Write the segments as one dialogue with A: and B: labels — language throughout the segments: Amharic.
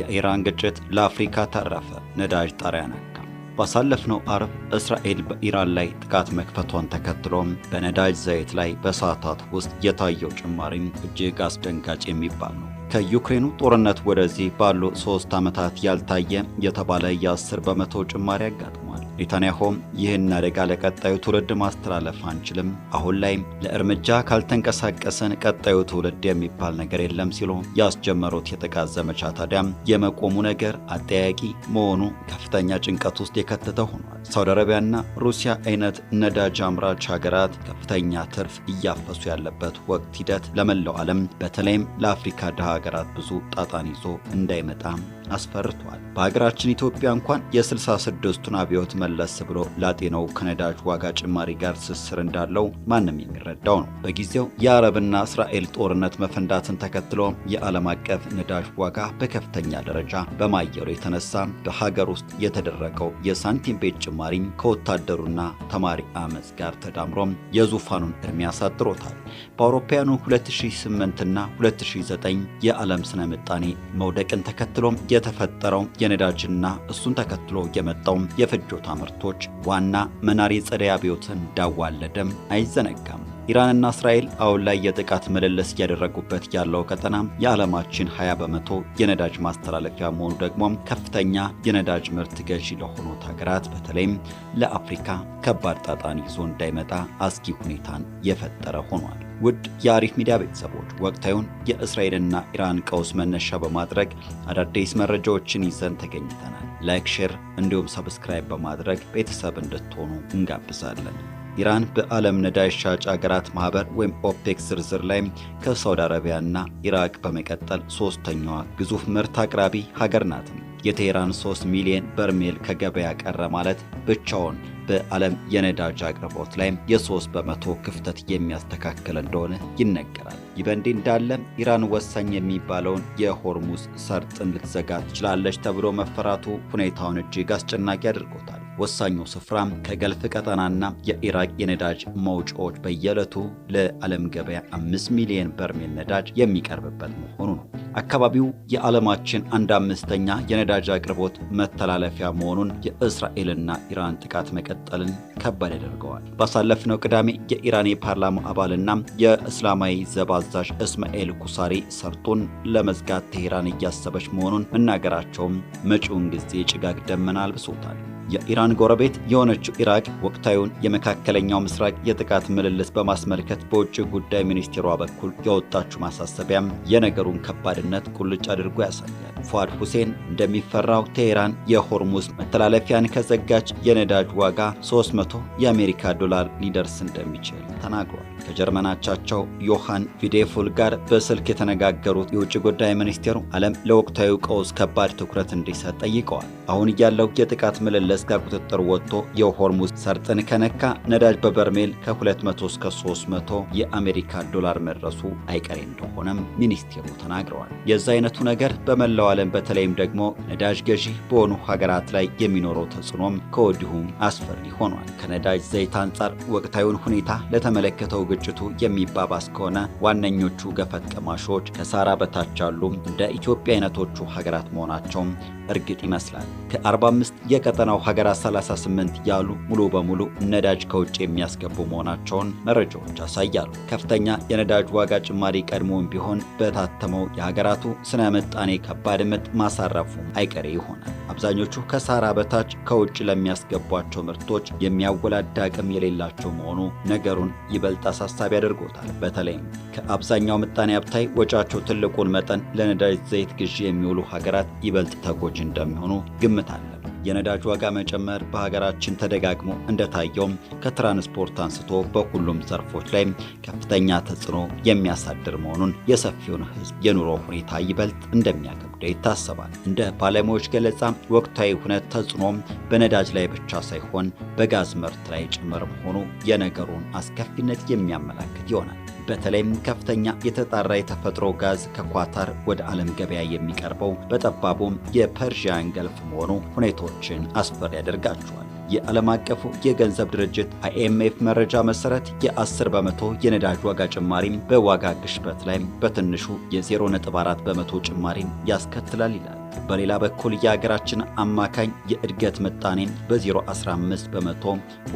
A: የኢራን ግጭት ለአፍሪካ ተረፈ ነዳጅ ጣሪያ ነካ። ባሳለፍነው አርብ እስራኤል በኢራን ላይ ጥቃት መክፈቷን ተከትሎም በነዳጅ ዘይት ላይ በሰዓታት ውስጥ የታየው ጭማሪም እጅግ አስደንጋጭ የሚባል ነው። ከዩክሬኑ ጦርነት ወደዚህ ባሉ ሶስት ዓመታት ያልታየ የተባለ የ10 በመቶ ጭማሪ አጋጥሟል። ኔታንያሆም ይህን አደጋ ለቀጣዩ ትውልድ ማስተላለፍ አንችልም፣ አሁን ላይም ለእርምጃ ካልተንቀሳቀሰን ቀጣዩ ትውልድ የሚባል ነገር የለም ሲሉ ያስጀመሩት የጥቃት ዘመቻ ታዲያም የመቆሙ ነገር አጠያቂ መሆኑ ከፍተኛ ጭንቀት ውስጥ የከተተ ሆኗል። ሳውዲ አረቢያና ሩሲያ አይነት ነዳጅ አምራች ሀገራት ከፍተኛ ትርፍ እያፈሱ ያለበት ወቅት ሂደት ለመላው ዓለም በተለይም ለአፍሪካ ድሃ ሀገራት ብዙ ጣጣን ይዞ እንዳይመጣም አስፈርቷል። በሀገራችን ኢትዮጵያ እንኳን የ66ቱን አብዮት መለስ ብሎ ላጤነው ከነዳጅ ዋጋ ጭማሪ ጋር ትስስር እንዳለው ማንም የሚረዳው ነው። በጊዜው የአረብና እስራኤል ጦርነት መፈንዳትን ተከትሎ የዓለም አቀፍ ነዳጅ ዋጋ በከፍተኛ ደረጃ በማየሩ የተነሳ በሀገር ውስጥ የተደረገው የሳንቲም ቤት ጭማሪም ከወታደሩና ተማሪ አመፅ ጋር ተዳምሮም የዙፋኑን እድሜ አሳጥሮታል። በአውሮፓውያኑ 2008ና 2009 የዓለም ስነ ምጣኔ መውደቅን ተከትሎም የተፈጠረው የነዳጅና እሱን ተከትሎ የመጣው የፍጆታ ምርቶች ዋና መናሪ ጸደይ አብዮትን እንዳዋለደም አይዘነጋም። ኢራንና እስራኤል አሁን ላይ የጥቃት ምልልስ እያደረጉበት ያለው ቀጠና የዓለማችን 20 በመቶ የነዳጅ ማስተላለፊያ መሆኑ ደግሞ ከፍተኛ የነዳጅ ምርት ገዢ ለሆኑት ሀገራት በተለይም ለአፍሪካ ከባድ ጣጣን ይዞ እንዳይመጣ አስጊ ሁኔታን የፈጠረ ሆኗል። ውድ የአሪፍ ሚዲያ ቤተሰቦች ወቅታዩን የእስራኤልና ኢራን ቀውስ መነሻ በማድረግ አዳዲስ መረጃዎችን ይዘን ተገኝተናል። ላይክ፣ ሼር እንዲሁም ሰብስክራይብ በማድረግ ቤተሰብ እንድትሆኑ እንጋብዛለን። ኢራን በዓለም ነዳጅ ሻጭ ሀገራት ማህበር ወይም ኦፔክ ዝርዝር ላይ ከሳውዲ አረቢያና ኢራቅ በመቀጠል ሶስተኛዋ ግዙፍ ምርት አቅራቢ ሀገር ናትም። የቴህራን 3 ሚሊዮን በርሜል ከገበያ ቀረ ማለት ብቻውን በዓለም የነዳጅ አቅርቦት ላይ የ3 በመቶ ክፍተት የሚያስተካከል እንደሆነ ይነገራል። ይህ በእንዲህ እንዳለ ኢራን ወሳኝ የሚባለውን የሆርሙዝ ሰርጥን ልትዘጋ ትችላለች ተብሎ መፈራቱ ሁኔታውን እጅግ አስጨናቂ አድርጎታል። ወሳኙ ስፍራ ከገልፍ ቀጠናና የኢራቅ የነዳጅ መውጫዎች በየዕለቱ ለዓለም ገበያ 5 ሚሊዮን በርሜል ነዳጅ የሚቀርብበት መሆኑ ነው። አካባቢው የዓለማችን አንድ አምስተኛ የነዳጅ አቅርቦት መተላለፊያ መሆኑን የእስራኤልና ኢራን ጥቃት መቀጠልን ከባድ ያደርገዋል። ባሳለፍነው ቅዳሜ የኢራን የፓርላማ አባልና የእስላማዊ ዘብ አዛዥ እስማኤል ኩሳሪ ሰርጡን ለመዝጋት ቴሄራን እያሰበች መሆኑን መናገራቸውም መጪውን ጊዜ ጭጋግ ደመና አልብሶታል። የኢራን ጎረቤት የሆነችው ኢራቅ ወቅታዊውን የመካከለኛው ምስራቅ የጥቃት ምልልስ በማስመልከት በውጭ ጉዳይ ሚኒስቴሯ በኩል የወጣችው ማሳሰቢያም የነገሩን ከባድነት ቁልጭ አድርጎ ያሳያል። ፏድ ሁሴን እንደሚፈራው ቴሄራን የሆርሙዝ መተላለፊያን ከዘጋች የነዳጅ ዋጋ 300 የአሜሪካ ዶላር ሊደርስ እንደሚችል ተናግሯል። ከጀርመን አቻቸው ዮሐን ቪዴፉል ጋር በስልክ የተነጋገሩት የውጭ ጉዳይ ሚኒስቴሩ ዓለም ለወቅታዊ ቀውስ ከባድ ትኩረት እንዲሰጥ ጠይቀዋል። አሁን ያለው የጥቃት ምልልስ ከቁጥጥር ወጥቶ የሆርሙዝ ሰርጥን ከነካ ነዳጅ በበርሜል ከ200 እስከ 300 የአሜሪካ ዶላር መድረሱ አይቀሬ እንደሆነም ሚኒስቴሩ ተናግረዋል። የዚ አይነቱ ነገር በመለዋ ዓለም በተለይም ደግሞ ነዳጅ ገዢ በሆኑ ሀገራት ላይ የሚኖረው ተጽዕኖም ከወዲሁም አስፈሪ ሆኗል። ከነዳጅ ዘይት አንጻር ወቅታዊውን ሁኔታ ለተመለከተው ግጭቱ የሚባባስ ከሆነ ዋነኞቹ ገፈት ቀማሾች ከሳራ በታች ያሉ እንደ ኢትዮጵያ አይነቶቹ ሀገራት መሆናቸውም እርግጥ ይመስላል። ከ45 የቀጠናው ሀገራት 38 ያሉ ሙሉ በሙሉ ነዳጅ ከውጭ የሚያስገቡ መሆናቸውን መረጃዎች ያሳያሉ። ከፍተኛ የነዳጅ ዋጋ ጭማሪ ቀድሞውን ቢሆን በታተመው የሀገራቱ ስነ ምጣኔ ከባድ አድምጥ ማሳረፉም አይቀሬ ይሆናል። አብዛኞቹ ከሳራ በታች ከውጭ ለሚያስገቧቸው ምርቶች የሚያወላዳ አቅም የሌላቸው መሆኑ ነገሩን ይበልጥ አሳሳቢ ያደርጎታል። በተለይም ከአብዛኛው ምጣኔ ሀብታዊ ወጫቸው ትልቁን መጠን ለነዳጅ ዘይት ግዢ የሚውሉ ሀገራት ይበልጥ ተጎጂ እንደሚሆኑ ግምታል። የነዳጅ ዋጋ መጨመር በሀገራችን ተደጋግሞ እንደታየውም ከትራንስፖርት አንስቶ በሁሉም ዘርፎች ላይ ከፍተኛ ተጽዕኖ የሚያሳድር መሆኑን የሰፊውን ሕዝብ የኑሮ ሁኔታ ይበልጥ እንደሚያከብደው ይታሰባል። እንደ ባለሙያዎች ገለጻ ወቅታዊ ሁነት ተጽዕኖም በነዳጅ ላይ ብቻ ሳይሆን በጋዝ ምርት ላይ ጭምር መሆኑ የነገሩን አስከፊነት የሚያመላክት ይሆናል። በተለይም ከፍተኛ የተጣራ የተፈጥሮ ጋዝ ከኳታር ወደ ዓለም ገበያ የሚቀርበው በጠባቡም የፐርዢያን ገልፍ መሆኑ ሁኔታዎችን አስፈሪ ያደርጋቸዋል። የዓለም አቀፉ የገንዘብ ድርጅት አይኤምኤፍ መረጃ መሰረት የ10 በመቶ የነዳጅ ዋጋ ጭማሪም በዋጋ ግሽበት ላይም በትንሹ የ0.4 በመቶ ጭማሪም ያስከትላል ይላል። በሌላ በኩል የሀገራችን አማካኝ የእድገት ምጣኔም በ0.15 በመቶ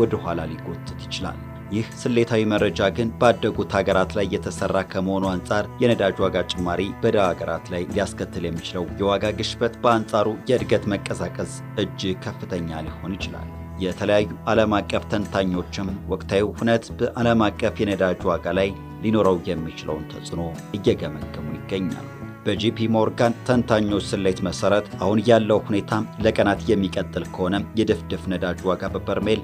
A: ወደኋላ ሊጎትት ይችላል። ይህ ስሌታዊ መረጃ ግን ባደጉት ሀገራት ላይ የተሰራ ከመሆኑ አንጻር የነዳጅ ዋጋ ጭማሪ በደሃ ሀገራት ላይ ሊያስከትል የሚችለው የዋጋ ግሽበት በአንጻሩ የእድገት መቀዛቀዝ እጅግ ከፍተኛ ሊሆን ይችላል። የተለያዩ ዓለም አቀፍ ተንታኞችም ወቅታዊ ሁነት በዓለም አቀፍ የነዳጅ ዋጋ ላይ ሊኖረው የሚችለውን ተጽዕኖ እየገመገሙ ይገኛሉ። በጂፒ ሞርጋን ተንታኞች ስሌት መሰረት አሁን ያለው ሁኔታ ለቀናት የሚቀጥል ከሆነ የድፍድፍ ነዳጅ ዋጋ በበርሜል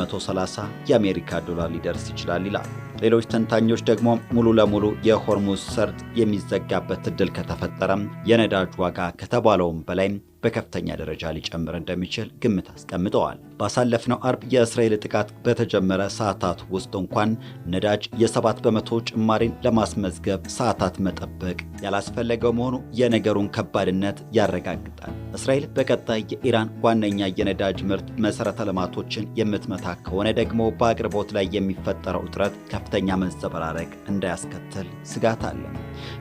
A: 130 የአሜሪካ ዶላር ሊደርስ ይችላል ይላል። ሌሎች ተንታኞች ደግሞ ሙሉ ለሙሉ የሆርሙዝ ሰርጥ የሚዘጋበት እድል ከተፈጠረም የነዳጅ ዋጋ ከተባለውም በላይ በከፍተኛ ደረጃ ሊጨምር እንደሚችል ግምት አስቀምጠዋል። ባሳለፍነው አርብ የእስራኤል ጥቃት በተጀመረ ሰዓታት ውስጥ እንኳን ነዳጅ የሰባት በመቶ ጭማሪን ለማስመዝገብ ሰዓታት መጠበቅ ያላስፈለገው መሆኑ የነገሩን ከባድነት ያረጋግጣል። እስራኤል በቀጣይ የኢራን ዋነኛ የነዳጅ ምርት መሠረተ ልማቶችን የምትመታ ከሆነ ደግሞ በአቅርቦት ላይ የሚፈጠረው ውጥረት ከፍተኛ መንጸበራረቅ እንዳያስከትል ስጋት አለ።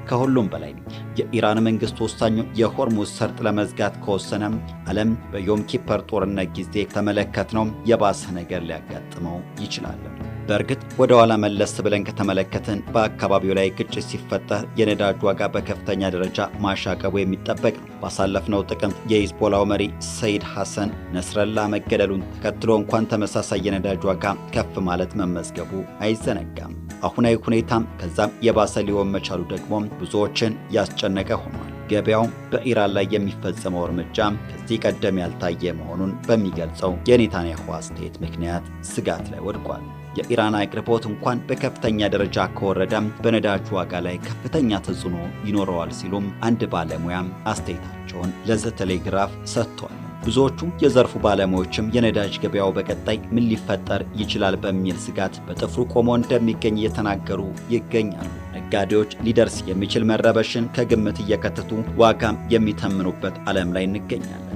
A: ከሁሉም በላይ የኢራን መንግስት ወሳኙ የሆርሙዝ ሰርጥ ለመዝጋት ከወሰነም ዓለም በዮም ኪፐር ጦርነት ጊዜ ተመለከትነው የባሰ ነገር ሊያጋጥመው ይችላል። በእርግጥ ወደ ኋላ መለስ ብለን ከተመለከትን በአካባቢው ላይ ግጭት ሲፈጠር የነዳጅ ዋጋ በከፍተኛ ደረጃ ማሻቀቡ የሚጠበቅ ነው። ባሳለፍነው ጥቅምት የሂዝቦላው መሪ ሰይድ ሐሰን ነስረላ መገደሉን ተከትሎ እንኳን ተመሳሳይ የነዳጅ ዋጋ ከፍ ማለት መመዝገቡ አይዘነጋም። አሁናዊ ሁኔታም ከዛም የባሰ ሊሆን መቻሉ ደግሞ ብዙዎችን ያስጨነቀ ሆኗል። ገበያው በኢራን ላይ የሚፈጸመው እርምጃ ከዚህ ቀደም ያልታየ መሆኑን በሚገልጸው የኔታንያሁ አስተያየት ምክንያት ስጋት ላይ ወድቋል። የኢራን አቅርቦት እንኳን በከፍተኛ ደረጃ ከወረደም በነዳጅ ዋጋ ላይ ከፍተኛ ተጽዕኖ ይኖረዋል ሲሉም አንድ ባለሙያም አስተያየታቸውን ለዘ ቴሌግራፍ ሰጥቷል። ብዙዎቹ የዘርፉ ባለሙያዎችም የነዳጅ ገበያው በቀጣይ ምን ሊፈጠር ይችላል በሚል ስጋት በጥፍሩ ቆሞ እንደሚገኝ እየተናገሩ ይገኛሉ። ነጋዴዎች ሊደርስ የሚችል መረበሽን ከግምት እየከተቱ ዋጋም የሚተምኑበት ዓለም ላይ እንገኛለን።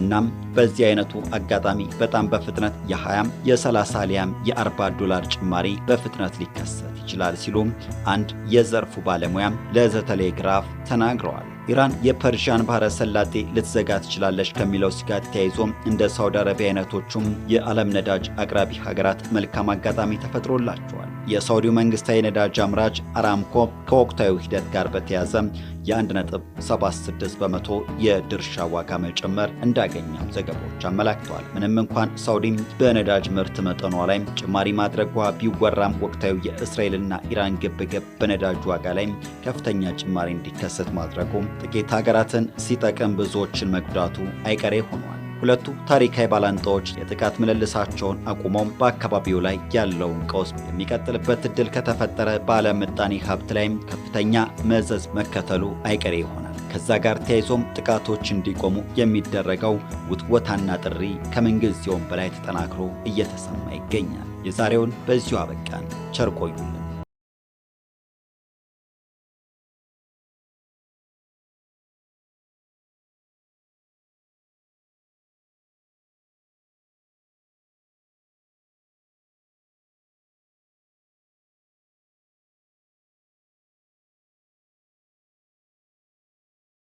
A: እናም በዚህ አይነቱ አጋጣሚ በጣም በፍጥነት የ20 የ30 ሊያም የ40 ዶላር ጭማሪ በፍጥነት ሊከሰት ይችላል ሲሉም አንድ የዘርፉ ባለሙያም ለዘተሌግራፍ ተናግረዋል። ኢራን የፐርዣን ባህረ ሰላጤ ልትዘጋ ትችላለች ከሚለው ስጋት ተያይዞም እንደ ሳውዲ አረቢያ አይነቶቹም የዓለም ነዳጅ አቅራቢ ሀገራት መልካም አጋጣሚ ተፈጥሮላቸዋል። የሳውዲው መንግስታዊ ነዳጅ አምራች አራምኮ ከወቅታዊ ሂደት ጋር በተያዘ የ1.76 በመቶ የድርሻ ዋጋ መጨመር እንዳገኘም ዘገባዎች አመላክተዋል። ምንም እንኳን ሳውዲ በነዳጅ ምርት መጠኗ ላይ ጭማሪ ማድረጓ ቢወራም ወቅታዊ የእስራኤልና ኢራን ግብግብ በነዳጅ ዋጋ ላይ ከፍተኛ ጭማሪ እንዲከሰት ማድረጉ ጥቂት ሀገራትን ሲጠቅም ብዙዎችን መጉዳቱ አይቀሬ ሆኗል። ሁለቱ ታሪካዊ ባላንጣዎች የጥቃት ምልልሳቸውን አቁመው በአካባቢው ላይ ያለውን ቀውስ የሚቀጥልበት እድል ከተፈጠረ በዓለም ምጣኔ ሀብት ላይም ከፍተኛ መዘዝ መከተሉ አይቀሬ ይሆናል። ከዛ ጋር ተያይዞም ጥቃቶች እንዲቆሙ የሚደረገው ውትወታና ጥሪ ከምንጊዜውም በላይ ተጠናክሮ እየተሰማ ይገኛል። የዛሬውን በዚሁ አበቃን። ቸር ቆዩልን።